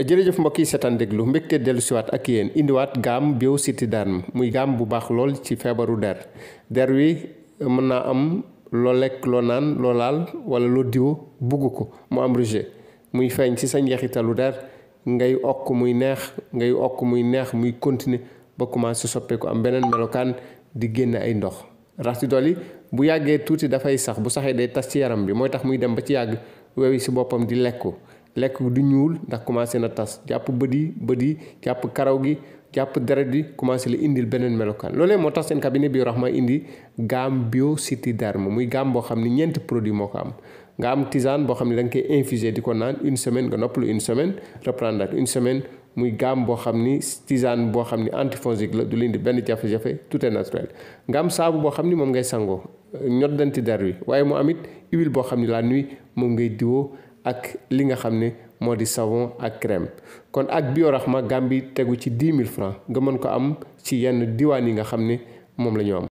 jërëjëf mbokk yi seetaan déglu mbégte dellusiwaat ak yéen indiwaat gaam Biositidane muy gaam bu baax lool ci feebaru der der wi mën naa am loo lekk loo naan loo laal wala loo diwo bugg ko mu am rejet muy feeñ ci sa njeexitalu der ngay okk muy neex ngay okk muy neex muy continuer ba commencé soppeeku am beneen melokaan di génn ay ndox rax ci dolli bu yàggee tuuti dafay sax bu saxee day tas ci yaram bi mooy tax muy dem ba ci yàgg wewi si boppam di lekku lekk du ñuul ndax commencé na tas jàpp bët yi bët yi jàpp karaw gi jàpp deret bi commencé la indil beneen melokaan loolee moo tax seen cabinet bio rahma indi gamme bio cité derme muy gamme boo xam ni ñeenti produit moo ko am nga am boo xam ne da nga koy infusé di ko naan une semaine nga noppalu une semaine reprendre une semaine muy gamme boo xam ni tisane boo xam ni antifongique la du leen benn jafe-jafe tout nga am saabu boo xam ni moom ngay sangoo ñoddanti der wi waaye mu amit huile boo xam ni la nuit moom ngay diwoo ak li nga xam ne moo di savon ak crème kon ak ma gam bi tegu ci 10 000 francs nga mën ko am ci yenn diwaan yi nga xam ne moom la ñu am